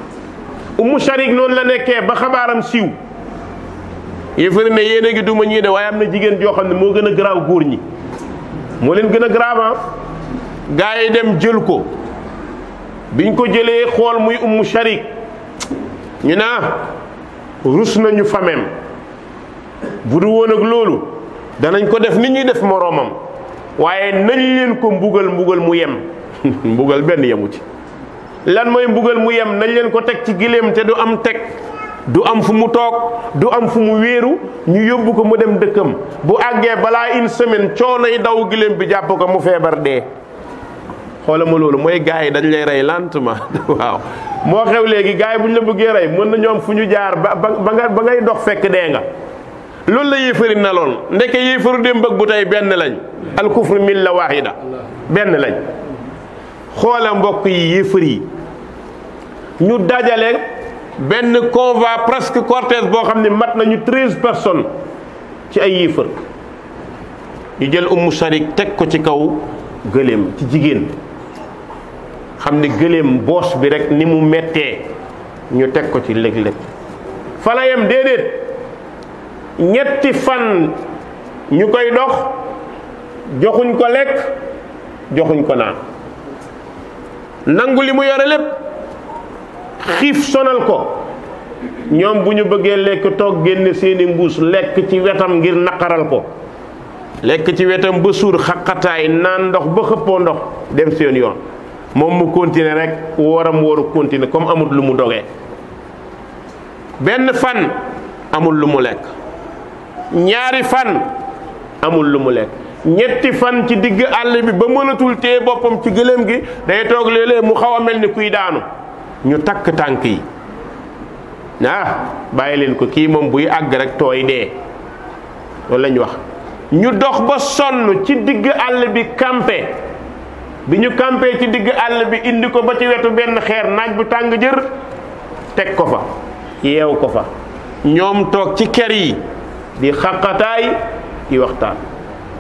umu sharik noonu la nekkee ba xabaaram siiw yëfër ne yéen a ngi duma ñii de waaye am na jigéen joo xam ne moo gën a garaaw góor ñi moo leen gën a garaaw ah. gaa yi dem jël ko biñ ko jëlee xool muy umu sharik ñu naa ah, rus nañu fameem bu du woon ak loolu danañ ko def ni ñuy def moroomam waaye nañ leen ko mbugal mbugal mu yem *laughs* mbugal benn yemu ci lan mooy mbugal mu yem nañ leen ko teg ci giléem te du am teg du am fu mu toog du am fu mu wéeru ñu yóbbu ko mu dem dëkkam bu àggee balaa une semaine coono yi daw giléem bi jàpp ko mu feebar dee xoola ma loolu mooy gars yi dañ lay rey lentement *laughs* waaw moo xew léegi gars yi bu ñu la bëggee rey mën na ñoom fu ñu jaar ba ba ba ngay dox fekk dee nga loolu la yéefari naloon ndeke yéefaru démb ak bu tey benn lañ alkufru milla waahida benn lañ xoola mbokk yi yéefar yi ñu dajale benn convoi presque cortège boo xam ne mat nañu treize personnes ci ay yéefar ñu jël ummu sharik teg ko ci kaw gëléem ci jigéen xam ni gëléem boos bi rek ni mu mettee ñu teg ko ci léeg-léeg fa déedéet ñetti fan ñu koy dox joxuñ ko lekk joxuñ ko naan nangu li mu yore lépp xiif sonal ko ñoom bu ñu bëggee lekk toog génne seeni mbuus lekk ci wetam ngir naqaral ko lekk ci wetam ba suur xaqataay naan ndox ba xëppoo ndox dem seen yoon moom mu continuer rek waram waru continuer comme amut lu mu dogee benn fan amul lu mu lekk ñaari fan amul lu mu lekk ñetti fan ci digg àll bi ba mënatul te boppam ci gëléem gi day toog léeg-léeg mu xaw a mel ni kuy daanu ñu takk tànk yi ah bàyyi leen ko kii moom buy àgg rekk tooy dee loolu lañ wax ñu dox ba sonn ci digg àll bi campé bi ñu campé ci digg àll bi indi ko ba ci wetu benn xeer naaj bu tàng jër teg ko fa yeew ko fa ñoom toog ci kër yi di xaqataay di waxtaan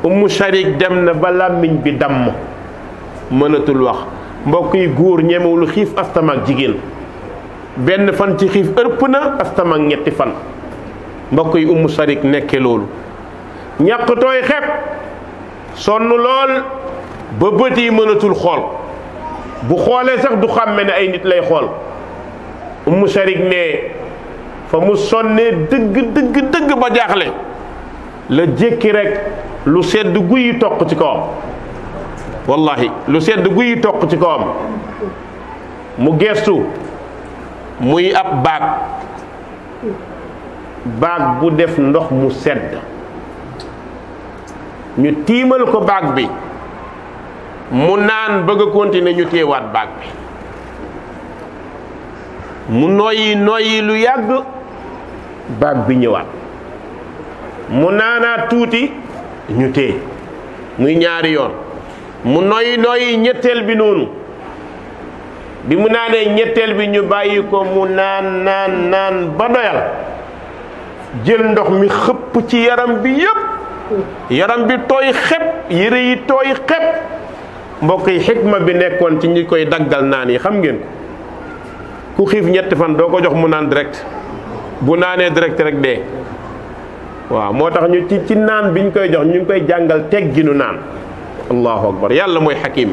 ummu sarik dem na ba làmmiñ bi damm mënatul wax mbokk yi góor ñemewul xiif astamaak jigéen benn fan ci xiif ëpp na astamaak ñetti fan mbokk yi ummu sarik nekke loolu ñàkk tooy xepp sonn lool ba yi mënatul xool bu xoolee sax du xàmme ne ay nit lay xool ummu sharik ne fa mu sonnee dëgg dëgg dëgg ba jaaxle la jékki rekk lu sedd guyi toq ci kawam wallahi lu sedd guyi toq ci kawam mu geestu muy ab baag baag bu def ndox mu sedd ñu tiimal ko baag bi mu naan bëgg a continuer ñu téewaat baag bi mu noyyi noyyi lu yàgg baag bi ñëwaat mu naanaat tuuti ñu téye muy ñaari yoon mu noyyi noyyi ñetteel bi noonu bi mu naanee ñetteel bi ñu bàyyi ko mu naan naan naan ba doyal jël ndox mi xëpp ci yaram bi yépp yaram bi tooy xepp yére yi tooy xepp mbokk xikma bi nekkoon ci ñi koy daggal naan yi xam ngeen ko ku xiif ñetti fan doo ko jox mu naan direct bu naanee direct rek de waaw moo tax ñu ci ci naan biñ koy jox ñu ngi koy jàngal teg ginu naan allahu akbar yàlla mooy xakim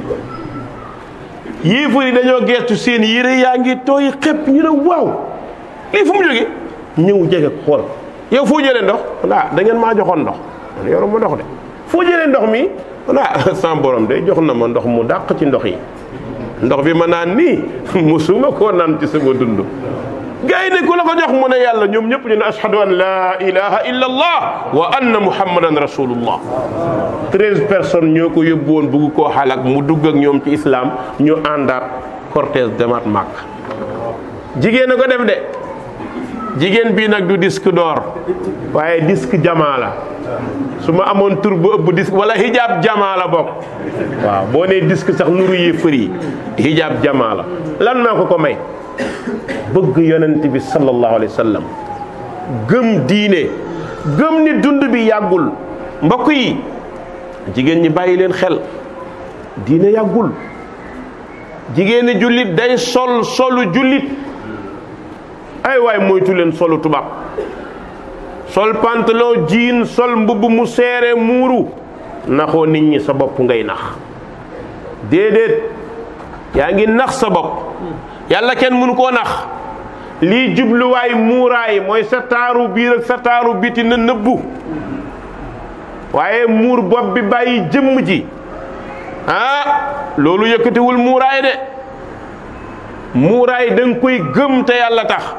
yéefar yi dañoo geestu seen yére yaa ngi tooy xëpp ñu ne waaw lii fu mu jógee ñëw jege xool yow foo jëlee ndox ah da ngeen maa joxoon ndox man yoru ma ndox de foo jëlee ndox mi ah *laughs* sam de jox na ma ndox mu dàq ci ndox yi ndox bi ma naan nii *laughs* musuma koo naan ci sama dund gars yi ne ku la ko jox mu ne yàlla ñoom ñëpp ñu ne ashhadu laa la ilaha illa allah wa anna muhammadan rasulullah treize personnes ñoo ko yóbbu woon bugg koo xalak mu dugg ak ñoom ci islam ñu àndaat cortège demaat màkk jigéen a ko def de jigéen bii nag du disque d'or waaye disk jamaa la su ma amoon tur bu ëpp disque wala hijab jamaa la bokk waaw boo nee disk sax nuru yi fëri hijab jamaa la lan maa ko ko may bëgg yonent bi sallallahu alayhi wa sallam gëm diine gëm ni dund bi yàggul mbokk yi jigéen ñi bàyyi leen xel diine yàggul jigéeni jullit day sol solu jullit ay waay moytu leen solu tubaab sol pantalon jiin sol mbubb mu seere muuru naxoo nit ñi sa bopp ngay nax déedéet yaa ngi nax sa bopp yàlla kenn mënu koo nax lii jubluwaay muuraay mooy sa taaru biir ak sa taaru biti na nëbbu waaye muur bopp bi bàyyi jëmm ji ah, loolu yëkkatiwul muuraay de muuraay da koy gëm te yàlla tax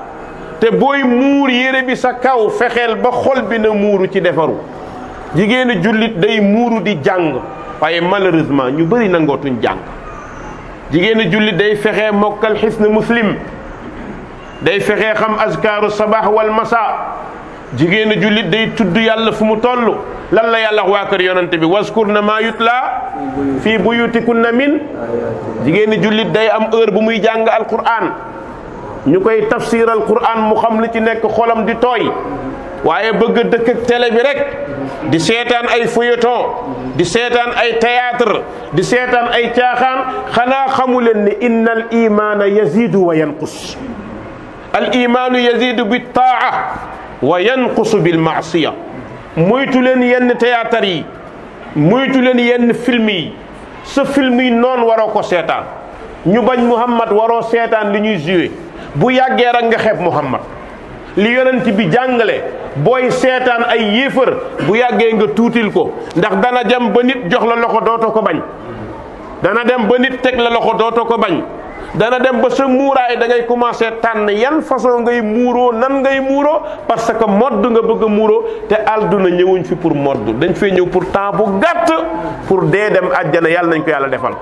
te booy muur yére bi sa kaw fexeel ba xol bi na muuru ci defaru jigéenu jullit day muuru di jàng waaye malheureusement ñu bëri nangootuñ jàng jigéenu jullit day fexe mokkal xisn muslim day fexe xam azkaaru sabaax wal masa jigéenu jullit day tudd yàlla fu mu toll lan la yàlla wax waa kër yonante bi waskur na maa yutla fii buyutikunna min jigéenu jullit day am heure bu muy jàng alquran ñu koy tafsiral quran mu xam li ci nekk xolam di tooy waaye bëgg dëkk ak télé bi rek di seetaan ay feuilleton di seetaan ay théâtre di seetaan ay caaxaan xanaa xamu leen ni inna al imaana yazidu wa yanqus al imaanu bi taa wa yanqusu bil maasiya moytu leen yenn théâtre yi moytu leen yenn film yi sa film yi noonu waroo ko seetaan ñu bañ Muhammad waroo seetaan li ñuy joué bu yàggee rek nga xeeb Muhammad li yonent bi jàngale booy seetaan ay yéefar bu yàggee nga tuutil ko ndax dana dem ba nit jox la loxo dootoo ko bañ dana dem ba nit teg la loxo dootoo ko bañ dana dem ba sa muuraay da ngay commencé tànn yan façon ngay muuroo nan ngay muuroo parce que modd nga bëgg muuroo te àdduna ñëwuñ fi pour modd dañ fee ñëw pour temps bu gàtt pour dee dem àjjana yàlla nañ ko yàlla defal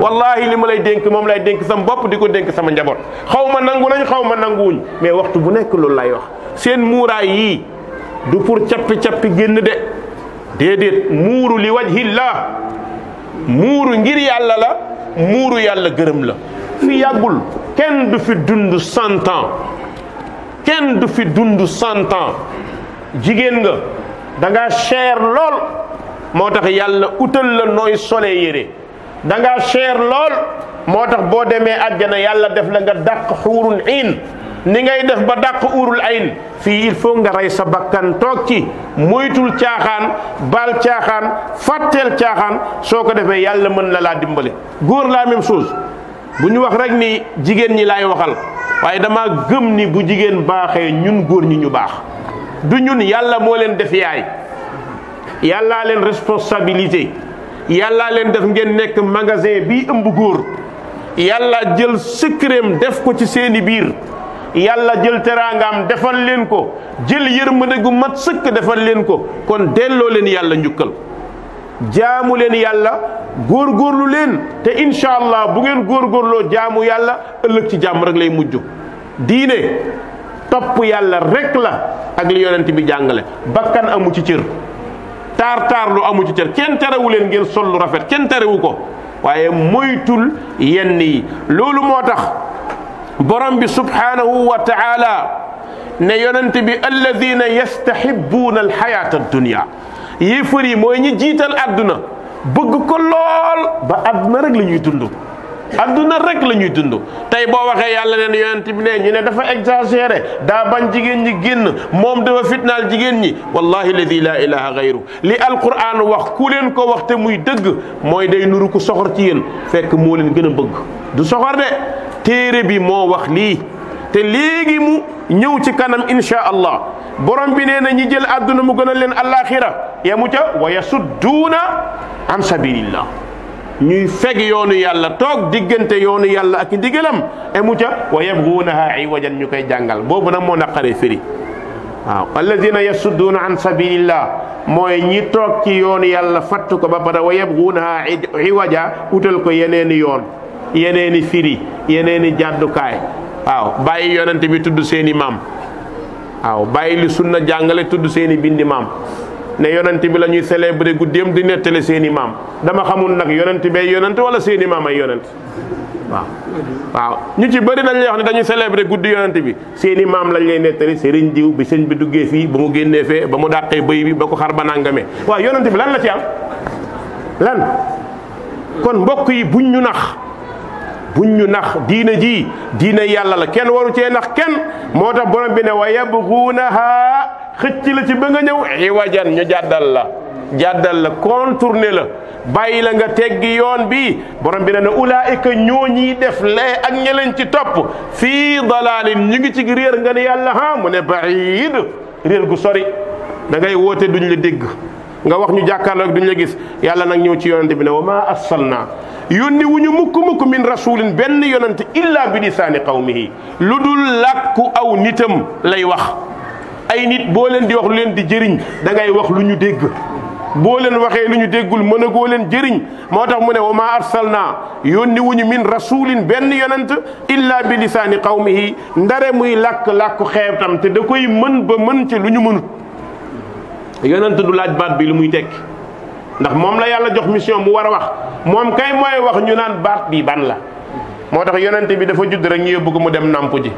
wallahi li ma lay dénk moom lay dénk sama bopp di ko dénk sama njaboot xaw ma nangu nañ xaw ma nanguwuñ mais waxtu bu nekk loolu lay wax seen muuraay yii du pour cappi-cappi génn de déedéet muuru li wajhillah muuru ngir yàlla la muuru yàlla gërëm la fi yàggul kenn du fi dund cent kenn du fi dund cent jigéen nga danga ngaa cher lool moo tax yàlla utal la nooy sole yére danga ngaa cher lool moo tax boo demee àjjana yàlla def la nga dàq xuurul iin ni ngay def ba dàq uurul ayn fii il faut nga rey sa bakkan toog ci moytul caaxaan baal caaxaan fàtteel caaxaan soo ko defee yàlla mën na laa dimbale góor la même chose bu ñu wax rek ni jigéen ñi laay waxal waaye dama gëm ni bu jigéen baaxee ñun góor ñi ñu baax du ñun yàlla moo leen def yaay yàllaa leen responsabilité yàllaa leen def ngeen nekk magasin bi ëmb góor yàlla jël sëkkëreem def ko ci seeni biir yàlla jël teraangaam defal leen ko jël yërmande gu mat sëkk defal leen ko kon delloo leen yàlla njukkal jaamu leen yàlla góor góorlu leen te incha allah bu ngeen góor góorloo jaamu yàlla ëllëg ci jàmm rek lay mujj diine topp yàlla rek la ak li yonent bi jàngale bakkan amu ci cër taar taar lu amu ci cër kenn terewu leen ngeen sol lu rafet kenn terewu ko waaye moytul yenn yi loolu moo tax borom bi subhanahu wa taala ne yonent bi alladina yastahibuuna alxayaata addunia yéefar yi mooy ñi jiital àdduna bëgg ko lool ba àdduna rek la ñuy dund àdduna rek la ñuy dund tey boo waxee yàlla neen yonent bi ne ñu ne dafa exagéré daa bañ jigéen ñi génn moom dafa fitnaal jigéen ñi wallahi ladi laa ilaha gayru li alquran wax ku leen ko wax te muy dëgg mooy day nuru ku soxor ci yéen fekk moo leen gën a bëgg du soxor de téere bi moo wax lii te léegi mu ñëw ci kanam insha allah borom bi nee na ñi jël àdduna mu gën a leen alaxira yemu ca wa yasudduuna an sabilillah ñuy feg yoonu yàlla toog diggante yoonu yàlla ak i ndigalam emu ca wa yabguunaha iwajan ñu koy jàngal boobu nag moo naqaree firi waaw alladina yasudduuna an sabilillah mooy ñi toog ci yoonu yàlla fatt ko ba pare wa yabguunaha iwaja utal ko yeneeni yoon yeneeni firi yeneeni jàddukaay waaw bàyyi yonent bi tudd seeni maam waaw bàyyi li sunna jàngale tudd seeni bindi maam ne yonent bi la ñuy célébrer guddeem di nettale seeni maam dama xamul nag yonent bee yonent wala seeni maam ay yonent waaw waaw ñu ci bëri dañ lay wax ne dañuy célébrer guddi yonent bi seeni maam lañ lay nettali sëriñ diw bi sëñ bi duggee fii ba mu génnee fee ba mu dàqee bëy bi ba ko xar ba nangamee waaw yonent bi lan la ci am lan kon mbokk yi buñ ñu nax bu ñu nax diina ji diina yàlla la kenn waru cee nax kenn moo tax borom bi ne wa yabguunaha xëcc la ci ba nga ñëw iwajan ñu jàddal la jàddal la contourné la bàyyi la nga tegg yoon bi borom bi ne ne ulaayika ñoo ñii def lee ak ña ci topp fii dalalin ñu ngi ci réer nga ne yàlla ha mu ne baid réer gu sori da ngay woote duñ la dégg nga wax ñu jàkkaarloog duñ la gis yàlla nag ñëw ci yonente bi ne wa maa arsalna yónni wu ñu mukk mukk min rasulin benn yonente illa bi lisaani qawmihi lu dul làkku aw nitam lay wax ay nit boo leen di wax leen di jëriñ da ngay wax lu ñu dégg boo leen waxee lu ñu déggul mën a leen jëriñ moo tax mu ne wa maa arsalna yónni wuñu benn yonent illa bi lisaani qawmihi ndare muy làkk làkku xeetam te da koy mën ba mën ci lu ñu mënut yonent du laaj baat bi lu muy tekki ndax moom la yàlla jox mission mu war a wax moom kay mooy wax ñu naan baat bi ban la moo tax yonent bi dafa judd rek ñu yóbbu ko mu dem nàmp ji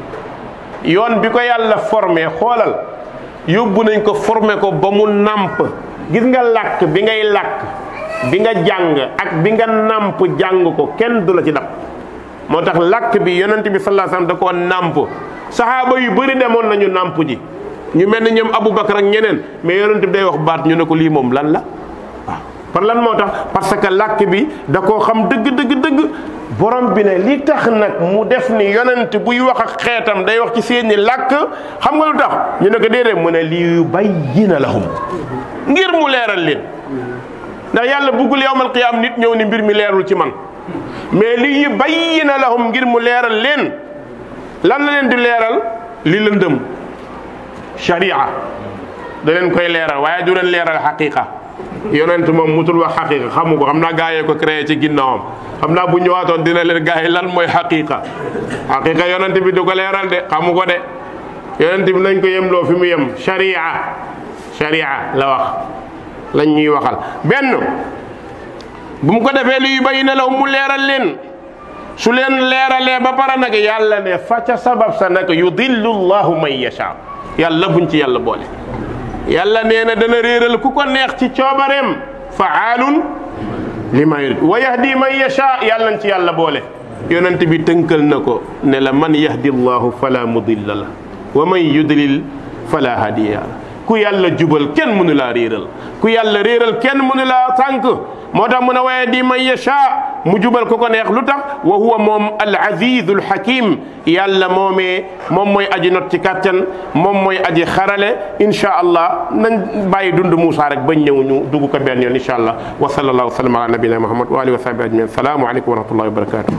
yoon bi ko yàlla forme xoolal yóbbu nañ ko formé ko ba mu nàmp gis nga làkk bi ngay làkk bi nga jàng ak bi nga nàmp jàng ko kenn du la ci dab moo tax làkk bi yonent bi sallallahu alayhi wasallam da koo nàmp saxaaba yu bëri demoon nañu nàmp ji ñu mel ne ñoom Aboubacar ak ñeneen mais yonent bi day wax baat ñu ne ko lii moom lan la waaw par lan moo tax parce que làkk bi da koo xam dëgg dëgg dëgg borom bi ne li tax nag mu def ni yonent buy wax ak xeetam day wax ci seeni làkk xam nga lu tax ñu ne ko déedéet mu ne lii yu bayyina lahum ngir mu leeral leen ndax yàlla buggul yowmal qiyaam nit ñëw ni mbir mi leerul ci man mais li yu bayyina lahum ngir mu leeral leen lan la leen di leeral li lëndëm sharia da leen koy leeral waaye du leen leeral xaqiqa yonent moom mutul wax xaqiqa xamu ko xam gaa yee ko ci ginnaawam xam naa bu ñëwaatoon dina gaa yi lan mooy xaqiqa xaqiqa yonent bi du ko leeral de xamu de yonent bi nañ ko yemloo fi mu yem sharia sharia la wax lañ ñuy ko defee luy bay ne mu leeral leen su leen leeralee ba pare nag yàlla ne fa ca sabab sa nag yudillu llahu man yasha yàlla buñ ci yàlla boole yàlla nee na dana réeral ku ko neex ci coobareem faalun li ma yurid wa yahdi man yasha yàlla nañ ci yàlla boole yonent bi tënkal na ko ne la man yahdi llahu fala mudilla la wa man yudlil fala hadiya ku yàlla jubal kenn mënu laa réeral ku yàlla réeral kenn mënu laa tànk moo tax mu ne waaye di man yasha mu jubal ko ko neex lu tax wa huwa moom al azizul hakim yàlla moomee moom mooy aji not ci kàttan moom mooy aji xarale incha allah nañ bàyyi dund Moussa rek bañ ñëw ñu dugg ko benn yoon incha allah wa sallallahu wa sallam ala nabina muhammad wa alihi wa sahbihi ajmain salaamu aleykum wa rahmatullahi wa barakatuh